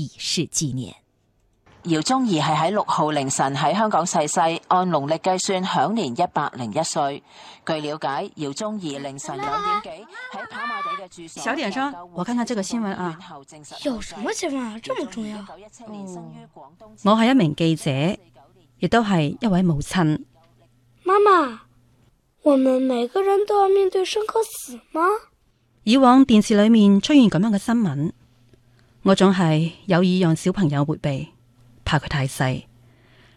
以示紀念。饒宗頤係喺六號凌晨喺香港逝世，按農曆計算享年一百零一歲。據了解，饒宗頤凌晨兩點幾喺跑馬地嘅住所。小點聲，我看看這個新聞啊！有什麼新聞啊？這麼重要？嗯，我係一名記者，亦都係一位母親。媽媽，我們每個人都要面對生和死嗎？以往電視裏面出現咁樣嘅新聞。我總係有意讓小朋友回避，怕佢太細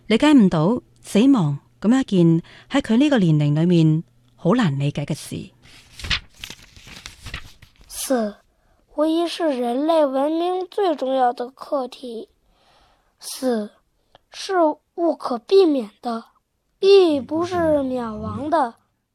理解唔到死亡咁一件喺佢呢個年齡裏面好難理解嘅事。死無疑是人類文明最重要的課題，死是無可避免的，亦不是渺茫的。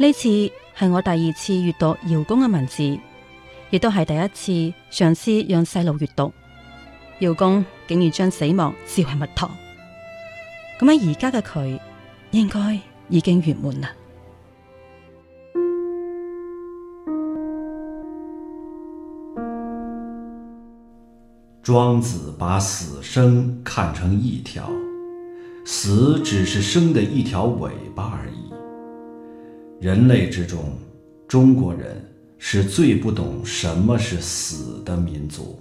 呢次係我第二次閱讀饒公嘅文字，亦都係第一次嘗試讓細路閱讀。饒公竟然將死亡視為蜜糖，咁喺而家嘅佢應該已經圓滿啦。莊子把死生看成一條，死只是生嘅一條尾巴而已。人類之中，中國人是最不懂什麼是死的民族。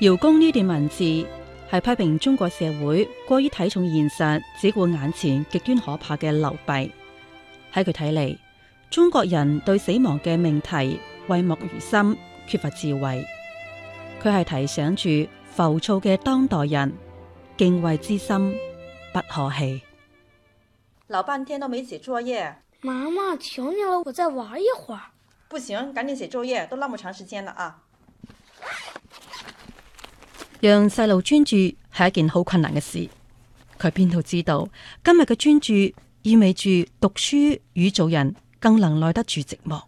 饒公呢段文字，係批評中國社會過於睇重現實，只顧眼前，極端可怕嘅流弊。喺佢睇嚟，中國人對死亡嘅命題諱莫如深，缺乏智慧。佢係提醒住浮躁嘅當代人，敬畏之心不可棄。老半天都沒寫作業。媽媽，求你了，我再玩一會兒。不行，趕緊寫作業，都那麼長時間了啊！讓細路專注，係一件好困難嘅事。佢邊度知道，今日嘅專注意味住讀書與做人，更能耐得住寂寞。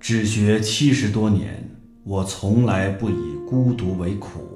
治學七十多年，我從來不以孤獨為苦。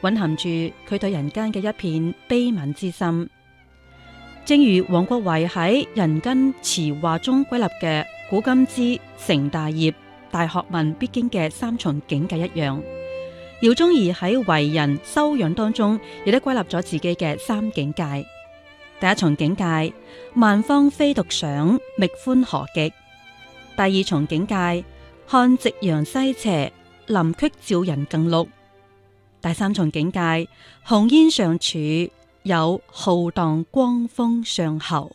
蘊含住佢對人間嘅一片悲憫之心，正如王國維喺《人間詞話》中歸納嘅古今之成大業、大學問必經嘅三重境界一樣，饒宗頤喺為人修養當中亦都歸納咗自己嘅三境界。第一重境界：萬方非獨想，覓歡何極？第二重境界：看夕陽西斜，臨曲照人更綠。第三重境界，紅煙尚處有浩蕩光風尚后。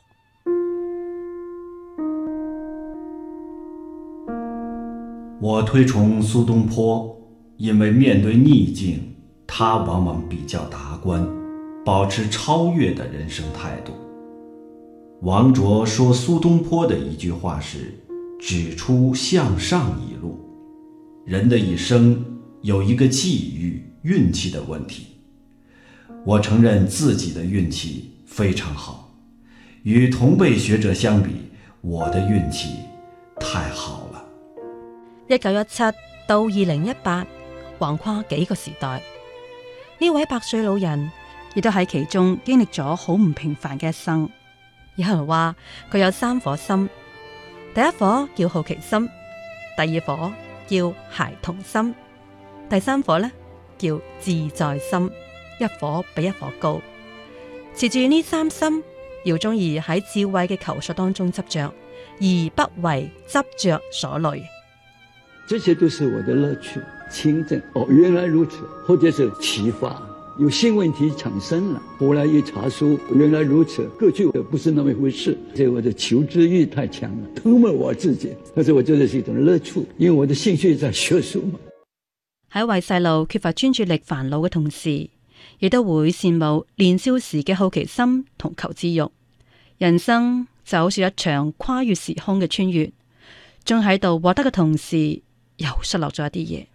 我推崇蘇東坡，因為面對逆境，他往往比較達觀，保持超越的人生態度。王卓說蘇東坡的一句話是：指出向上一路，人的一生有一個際遇。運氣的問題，我承認自己的運氣非常好，與同輩學者相比，我的運氣太好了。一九一七到二零一八，橫跨幾個時代，呢位百歲老人亦都喺其中經歷咗好唔平凡嘅一生。有人話佢有三顆心，第一顆叫好奇心，第二顆叫孩童心，第三顆呢？要自在心，一火比一火高。持住呢三心，饒宗頤喺智慧嘅求索當中執着，而不為執着所累。這些都是我的樂趣。清正哦，原來如此。或者是啟發，有新問題產生了，後來一查書，原來如此。過去唔係咁一回事。所以我的求知欲太強了，偷埋我自己。但是我覺得是一種樂趣，因為我的興趣在學術嘛。喺為細路缺乏專注力煩惱嘅同時，亦都會羨慕年少時嘅好奇心同求知慾。人生就好似一場跨越時空嘅穿越，仲喺度獲得嘅同時，又失落咗一啲嘢。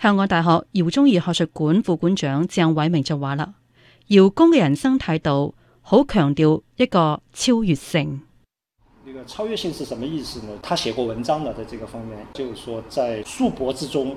香港大學饒宗頤學術館副館長鄭偉明就話啦：饒公嘅人生態度好強調一個超越性。呢個超越性是什麼意思呢？他寫過文章啦，在這個方面，就是說在數博之中。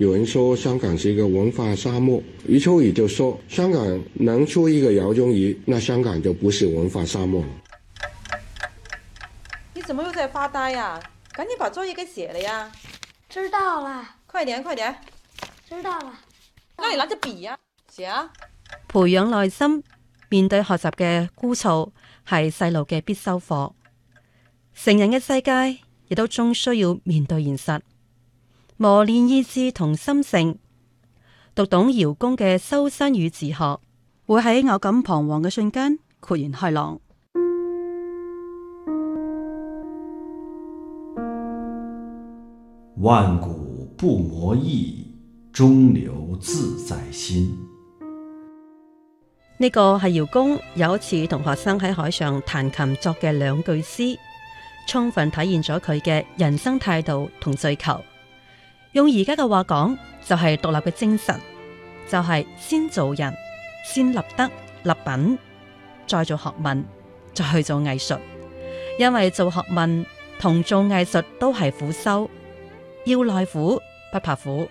有人說香港是一個文化沙漠，余秋雨就說：香港能出一個饒宗頤，那香港就不是文化沙漠了。你怎麼又在發呆呀、啊？趕緊把作業給寫了呀！知道啦快點快點，快點知道啦那你攞着筆呀！寫啊。啊培養耐心，面對學習嘅枯燥，係細路嘅必修課。成人嘅世界，亦都終需要面對現實。磨練意志同心性，讀懂饒公嘅修身與自學，會喺偶感彷徨嘅瞬間豁然開朗。萬古不磨意，中流自在心。呢個係饒公有一次同學生喺海上彈琴作嘅兩句詩，充分體現咗佢嘅人生態度同追求。用而家嘅話講，就係獨立嘅精神，就係先做人，先立德立品，再做學問，再去做藝術。因為做學問同做藝術都係苦修，要耐苦不怕苦，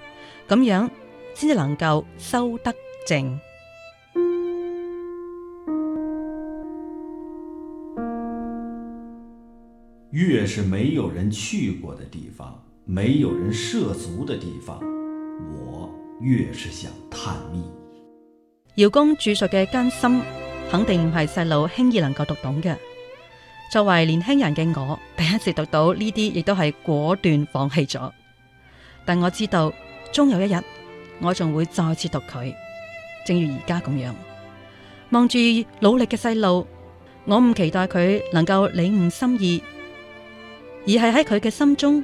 咁樣先至能夠修得正。越是沒有人去過的地方。沒有人涉足的地方，我越是想探秘。饒公著述嘅艱深，肯定唔係細路輕易能夠讀懂嘅。作為年輕人嘅我，第一次讀到呢啲，亦都係果斷放棄咗。但我知道，終有一日，我仲會再次讀佢，正如而家咁樣，望住努力嘅細路，我唔期待佢能夠領悟心意，而係喺佢嘅心中。